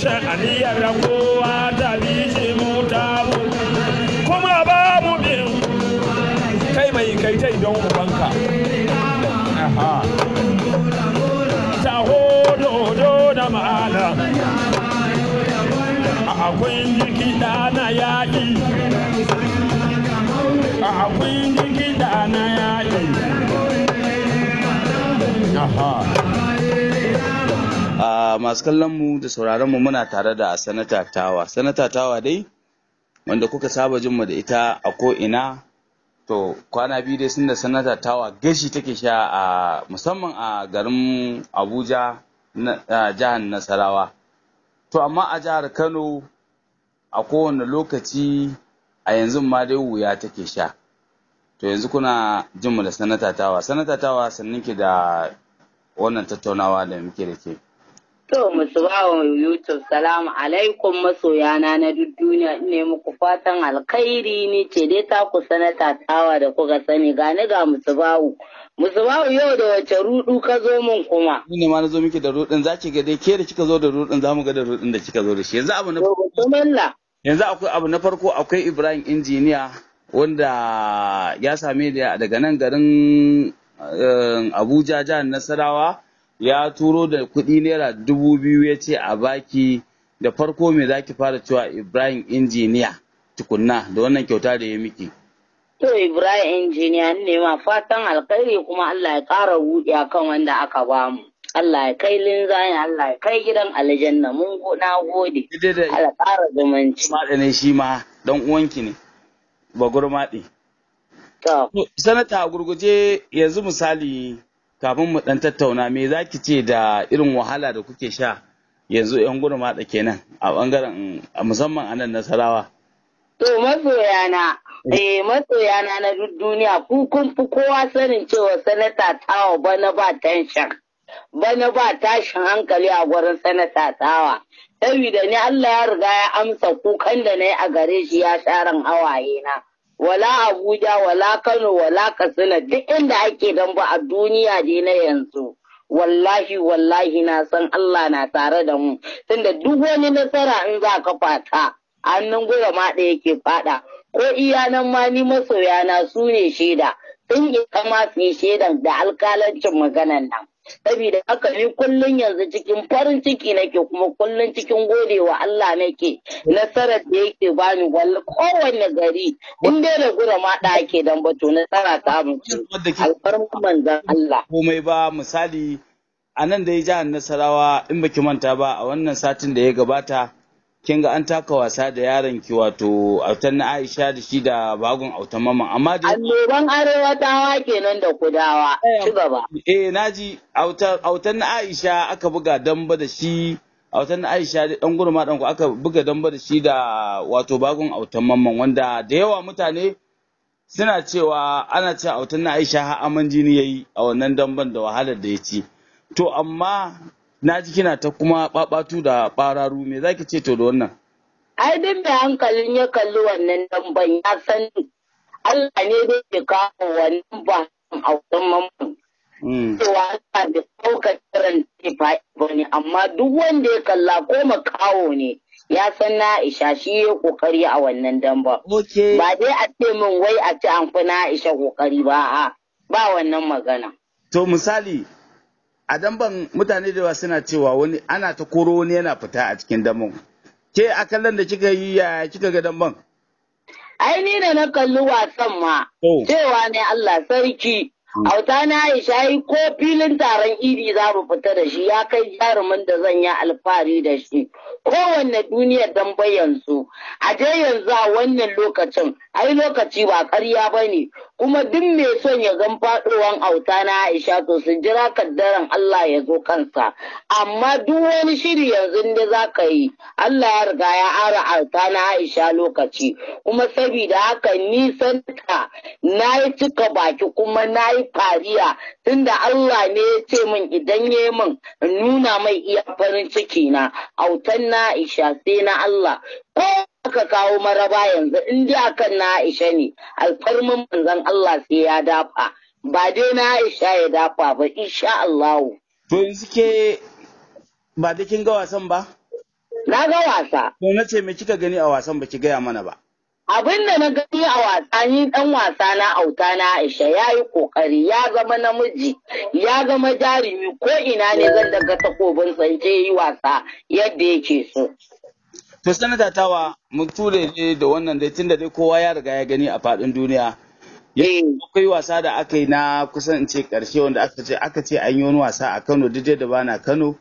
sha'aniyar kowa ta bi shi mu ta mu kuma ba mu kai mai kai ta don ubanka taho dodo da ma'ana akwai jiki dana yaƙi akwai jiki dana yaƙi Aha. a masu kallon mu da sauraron mu muna tare da sanata tawa sanata tawa dai wanda kuka saba jin mu da ita a ko ina to kwana biyu dai sun da sanata tawa gashi take sha a musamman a garin abuja na jihar nasarawa to amma a jihar kano a kowane lokaci a yanzu ma dai wuya take sha to yanzu kuna jinmu da sanata tawa sanata tawa sannan ke da wannan tattaunawa da muke da ke To musu ba wa Yusuf salamu alaikum masoya na duk duniya ne muku fatan alkhairi ni ce dai ta ku sanata tawa da kuka sani gani ga musu bawu. Musu bawu yau da wace rudu ka zo mun kuma. Ni ne ma na zo miki da rudin za ki ga dai ke da kika zo da rudin za mu ga da rudin da kika zo da shi yanzu abu na Yanzu akwai abu na farko akwai Ibrahim injiniya wanda ya same da daga nan garin eh, Abuja jihar Nasarawa. ya turo da kuɗi naira dubu biyu ya ce a baki da farko me zaki fara cewa ibrahim injiniya tukunna da wannan kyauta da ya miki to ibrahim injiniya ne ma fatan alkhairi kuma allah ya ƙara buɗe akan wanda aka bamu Allah ya kai linzani Allah ya kai gidan aljanna mun na gode Allah ƙara zumunci ne shi ma dan uwanki ne ba gurmaɗi sanata a gurguje yanzu misali kafin mu dan tattauna me zaki ce da irin wahala da kuke sha yanzu yan gurma da kenan a bangaren musamman a nan Nasarawa to masoyana eh masoyana na duniya ku kun fi kowa sanin cewa sanata tawa bana ba tension bana ba tashin hankali a gurin sanata tawa saboda ni Allah ya riga ya amsa kukan da nayi a gare shi ya sharan hawaye na wala Abuja, wala Kano, wala Katsina, duk inda ake dambe a duniya dai na yanzu. Wallahi, wallahi na san Allah na tare da mu, tunda duk wani nasara in za ka fata, hannun gura ma ɗaya ke fada, ko iya nan ma ni masoyana su ne shaida, sun yi kama su shaidan da alkalancin maganan nan. saboda haka ni kullum yanzu cikin farin ciki nake kuma kullum cikin godewa Allah nake nasarar da yake bani walla kowanne gari in dai na gura ma da ake dan bato nasara ta mu alfarman manzon Allah komai ba misali a nan da ya jihar Nasarawa in baki manta ba a wannan satin da ya gabata kin ga an taka wasa da yaron ki wato autan na Aisha da shi da bagon autan mama amma da annoban arewatawa kenan da kudawa eh, ci gaba eh naji autan na Aisha aka buga damba da shi autan na Aisha da dan gurma dan ku aka buga damba da shi da wato bagon autan mamman wanda da yawa mutane suna cewa ana cewa autan na Aisha ha aman jini yayi a wannan damban da wahalar da ya ci to amma na ji kina ta kuma babatu da bararu me zaki ce to da wannan ai din da hankalin ya kalli wannan damban ya san Allah ne da ke kawo wannan ba a wurin mamu hmm. cewa Allah da sauka kiran ce ba ne amma duk wanda ya kalla ko makawo ne ya san na Aisha shi ya kokari a wannan damba. Ba dai a ce min wai a ci an fi na Aisha kokari ba ba wannan magana. To misali a damban mutane da yawa suna cewa wani ana ta koro wani yana fita a cikin damban ke a kallon da kika yi ya kika ga damban ai ni ne na kalli wasan ma oh. cewa ne Allah sarki Auta na Aisha yi ko filin taron idi za mu fita da shi ya kai jarumin da zan yi alfahari da shi. Kowanne duniya don yanzu, a je yanzu a wannan lokacin, ai lokaci ba karya ba ne, kuma duk mai son ya zan faɗowan auta na Aisha to su jira kaddaran Allah ya zo kansa. Amma duk wani shiri yanzu da za ka yi, Allah ya riga ya ara auta na Aisha lokaci, kuma sabida haka nisanta na yi cika baki kuma na yi fariya tunda Allah ne ya ce min idan ya yi min nuna mai iya farin ciki na autan na isha sai na Allah ko aka kawo maraba yanzu in dai akan na isha ne alfarmin manzon Allah sai ya dafa ba dai na Aisha ya dafa ba insha Allah to yanzu suke ba da kin ga wasan ba na ga wasa to nace me kika gani a wasan baki gaya mana ba Abin da na gani a wasa ni dan wasa na auta na Aisha ya yi kokari ya zama namiji ya zama jarumi ko ina ne zan daga takobin tsance yi wasa yadda yake so. To sanata tawa mun ture ne da wannan dai tunda dai kowa ya riga ya gani a fadin duniya. Eh. akwai wasa da aka yi na kusan in ce karshe wanda aka ce aka an yi wani wasa a Kano duk da na Kano.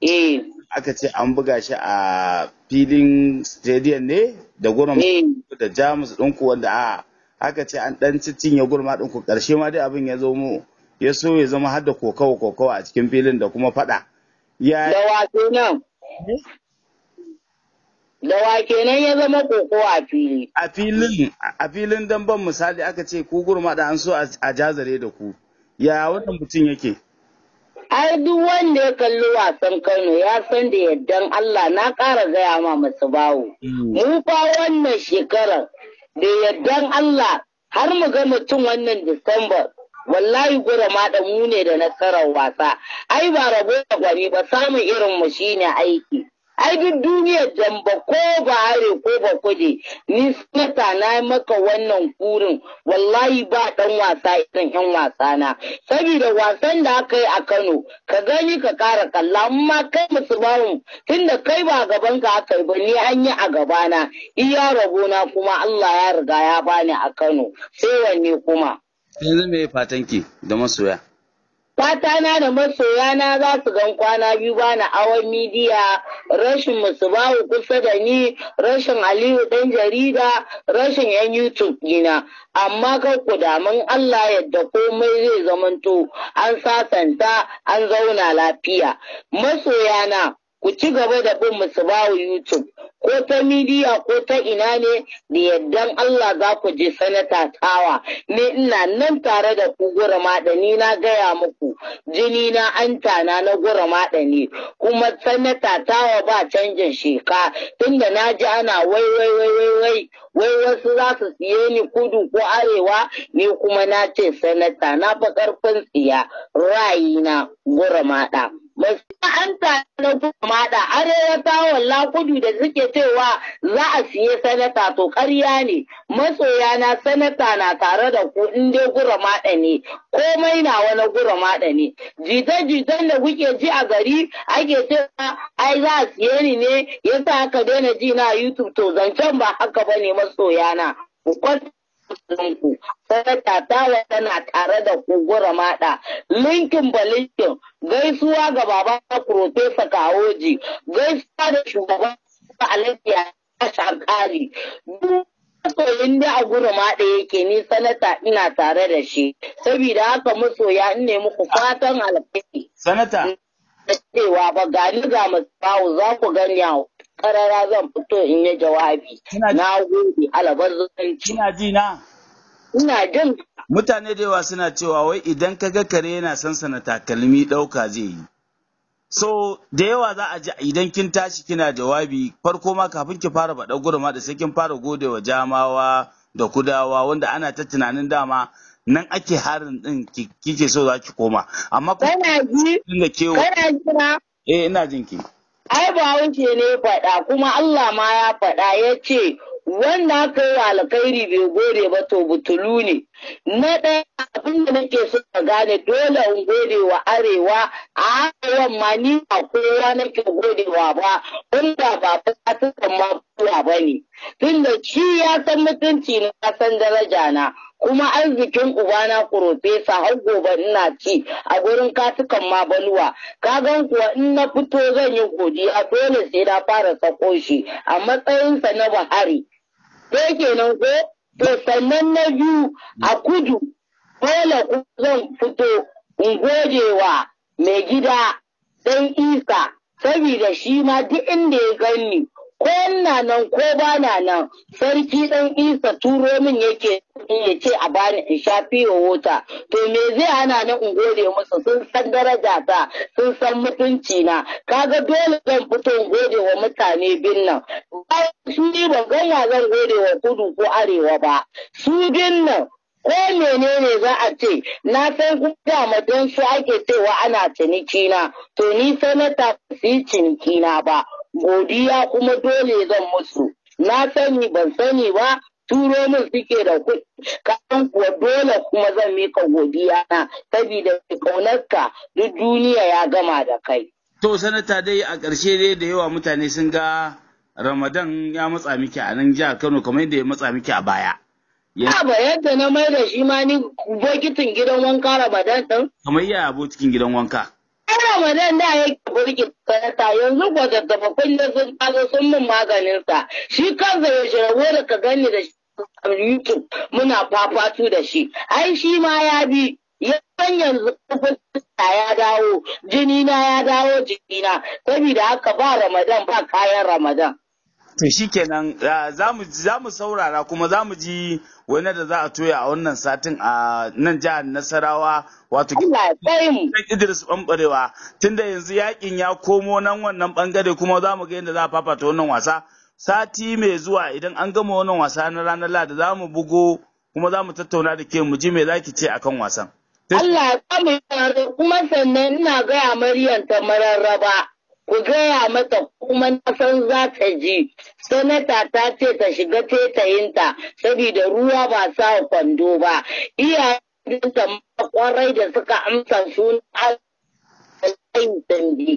Eh. aka ce an buga shi a filin stadium ne da gurum eh. da jamus ɗinku wanda a aka ce an ɗan cinye gurma ɗinku ƙarshe ma dai abin ya zo mu ya so ya zama har da kokawa kokawa a cikin filin da kuma faɗa. Ya da nan. Da wake nan ya zama koko a fili. A filin a filin don ban misali aka ce ku gurma da an so a jazare da ku. Ya wannan mutum yake? ai duk wanda ya kalli wasan Kano ya san da yaddan Allah na ƙara gaya ma masu bawo. Hmm. Mu fa wannan shekarar da yaddan Allah har mu ga mutum wannan Disambar wallahi gura ma da mu ne da nasarar wasa. Ai ba rabo da gwani ba samun irin mu shine aiki. ai duk duniyar jamba ko ba are ko ba kuɗi ni sanata na maka wannan kurin wallahi ba dan wasa idan yan wasa na saboda wasan da aka yi a Kano ka gani ka kara kalla amma kai musulmanin tunda kai ba gaban ka aka yi ba ni an yi a gabana iya na kuma Allah ya riga ya bani a Kano sai wanne kuma yanzu me fatan ki da masoya Fatana da masoyana na za su gan kwana biyu ba na awon midiya rashin musubahu kusa da ni rashin aliyu ɗan jarida rashin yan YouTube gina. Amma kan ku damun Allah yadda komai zai zamanto an sasanta an zauna lafiya. Masoyana, ku ci gaba da bin musubahu YouTube. ko ta midiya ko ta ina ne da yaddan Allah za ku je sanata tawa ne ina nan tare da ku gura maɗani na gaya muku jini na anta na na gura maɗani kuma sanata tawa ba canjin sheka tunda na ji ana wai wai wai wai wai wai wasu za su siye ni kudu ko arewa ni kuma na ce sanata na fa ƙarfin tsiya ra'ayina gura maɗa. hanta na maɗa arewatawa Kudu da suke cewa za a siye sanata to ƙarya ne masoya na sanata na tare da ku in dai gura maɗa ne komai na wani gura maɗa ne jita-jitan da kuke ji a gari ake cewa ai za a siye ni ne yasa aka daina ji na youtube to zancen ba haka ba ne masoya na kwanta ku sadaka tawa tana tare da ku maɗa linkin ba gaisuwa ga baba profesa kawoji gaisuwa da shugaban alhaji ya duk masoyin da a guri maɗa yake ni sanata ina tare da shi saboda haka masoya in ne muku fatan alkhairi sanata cewa ba gani ga masu za ku gani a karara zan fito in yi jawabi. Na gode alabar zanci. Ina ji na. Ina jin. Mutane da yawa suna cewa wai idan ka ga kare yana sansana takalmi ɗauka zai yi. So da yawa za a ji idan kin tashi kina jawabi farko ma kafin ki fara baɗa gurma da sai kin fara gode wa jamawa da kudawa wanda ana ta tunanin dama nan ake harin din kike so za ki koma amma kuma kana ji kana jira eh ina jin ki Ai wuce ne faɗa kuma Allah ma ya faɗa ya ce wanda aka yi alkhairi bai gode ba to butulu ne. Na ɗaya abin da nake so ka gane dole in gode wa arewa a arewan ma ni ba kowa nake gode wa ba wanda ba tsakan ma kowa ba ne. Tunda shi ya san mutunci na san daraja na. kuma arzikin ubana kurofesa har gobe ina ci a gurin katukan ma baluwa gan kuwa in na fito zan yi godi a dole sai na fara sako shi a matsayinsa na bahari ko kenan ko to sannan na biyu a kudu dole ku zan fito in gode wa mai gida dan isa saboda shi ma duk inda ya ganni. ko na nan ko ba na nan sarki dan isa turo min yake ya ce a bani in sha fiye wota to me zai hana ni in gode musu sun san daraja ta sun san mutunci na kaga dole zan fito in gode wa mutane bin nan su ni ban ganya zan gode wa kudu ko arewa ba su bin nan ko menene za a ce na san kuma don su ake cewa ana ciniki na to ni sanata su yi ciniki ba godiya kuma dole zan mutu, Na sani ban sani ba, turo min suke da kuɗi, kan kuwa dole kuma zan mika godiya na, saboda ƙaunarka duk duniya ya gama da kai. To, sanata dai a ƙarshe dai da yawa mutane sun ga Ramadan ya matsa miki a nan jihar Kano kamar yadda ya matsa miki a baya. Ya ba yadda na mai da shi ma ni bokitin gidan wanka Ramadan ɗin. Kamar yaya bokitin gidan wanka. Ai Ramadan da yake burge ta yanzu ko bakwai kullum sun tazo sun min maganinsa. Shi kansa ya shirawo da ka gani da YouTube muna fafatu da shi. Ai shi ma ya bi yan yanzu ya dawo jini na ya dawo jikina saboda haka ba Ramadan ba kayan Ramadan. shi kenan ah, za mu saurara kuma za mu ji wani da za a toya a wannan satin a nan jihar Nasarawa wato Idris Bambarewa tunda yanzu yakin ya komo nan wannan bangare kuma za mu ga yadda za a fafata wannan wasa. Sati mai zuwa idan an gama wannan wasa na ranar Lada za mu bugo kuma za mu tattauna da ke mu ji me za ki ce akan wasan. Allah ya kuma sannan ina gaya Maryam ta mararraba. ku gaya mata kuma na san za ta ji. Sanata ta ce ta shiga tetayinta saboda ruwa ba sa kwando ba. Iyayenta kwarai da suka amsa suna tsayin dambe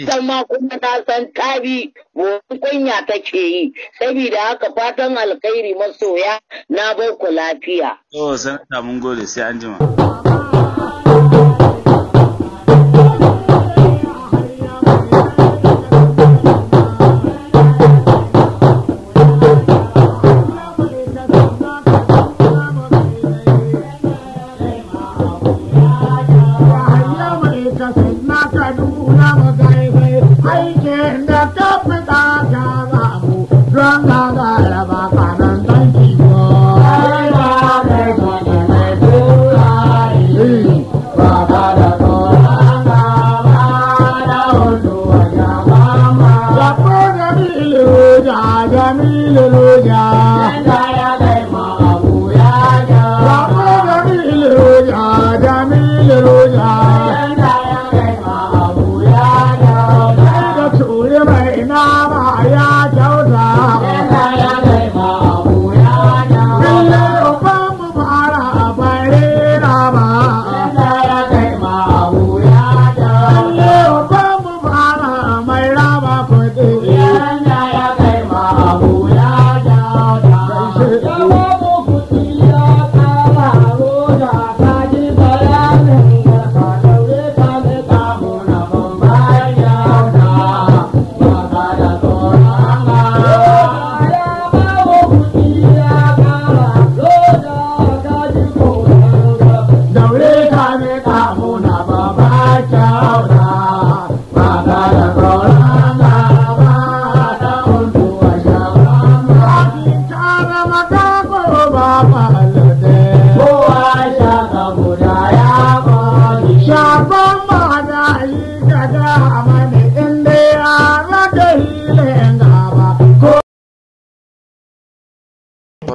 ita ma kuma na san tabi gobe kunya take yi saboda haka fatan alkhairi masoya na bai ku lafiya. Yau sanata mun gode sai an jima.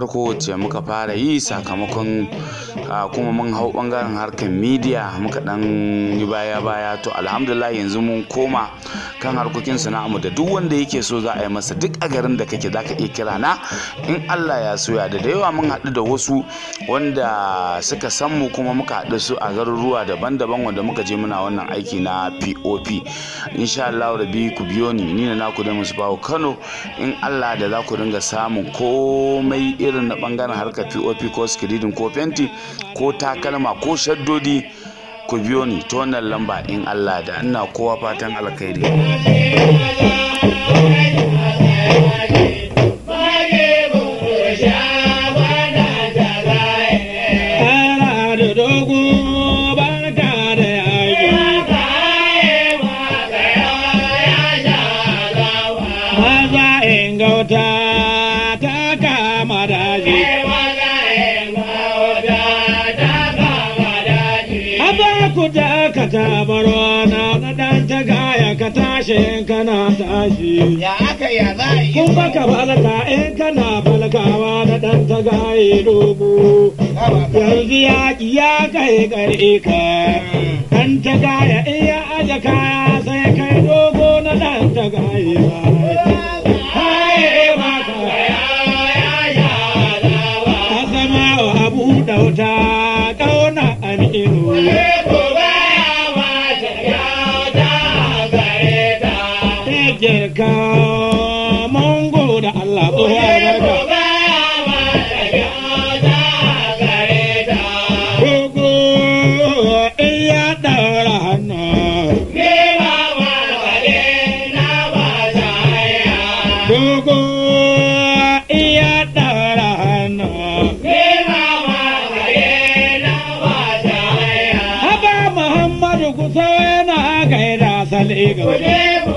farko wacce muka fara yi sakamakon kuma mun hau bangaren harkar media muka dan yi baya baya to alhamdulillah yanzu mun koma kan harkokin sana'armu da duk wanda yake so za a yi masa duk a garin da kake zaka iya kira na in Allah ya soya da da yawa mun haɗu da wasu wanda suka san mu kuma muka haɗu su a garuruwa daban-daban wanda muka je muna wannan aiki na POP insha Allah rabi ku biyo ni ni na naku da musu bawo Kano in Allah da za ku dinga samun komai irin irin na bangaren harkar pop ko skiridin ko fenti ko takalma ko shaddodi ku biyo ni ta wannan lamba in allah da ina kowa fatan alkhairi ta baro na na dan ta kana tashi ya kuma ka balaka in kana balakawa na dan ta dogo yanzu ya ya kai kare ka dan ta gaya in ya aje kaya sai kai dogo na dan ta kyauta kauna aminu. aí, galera.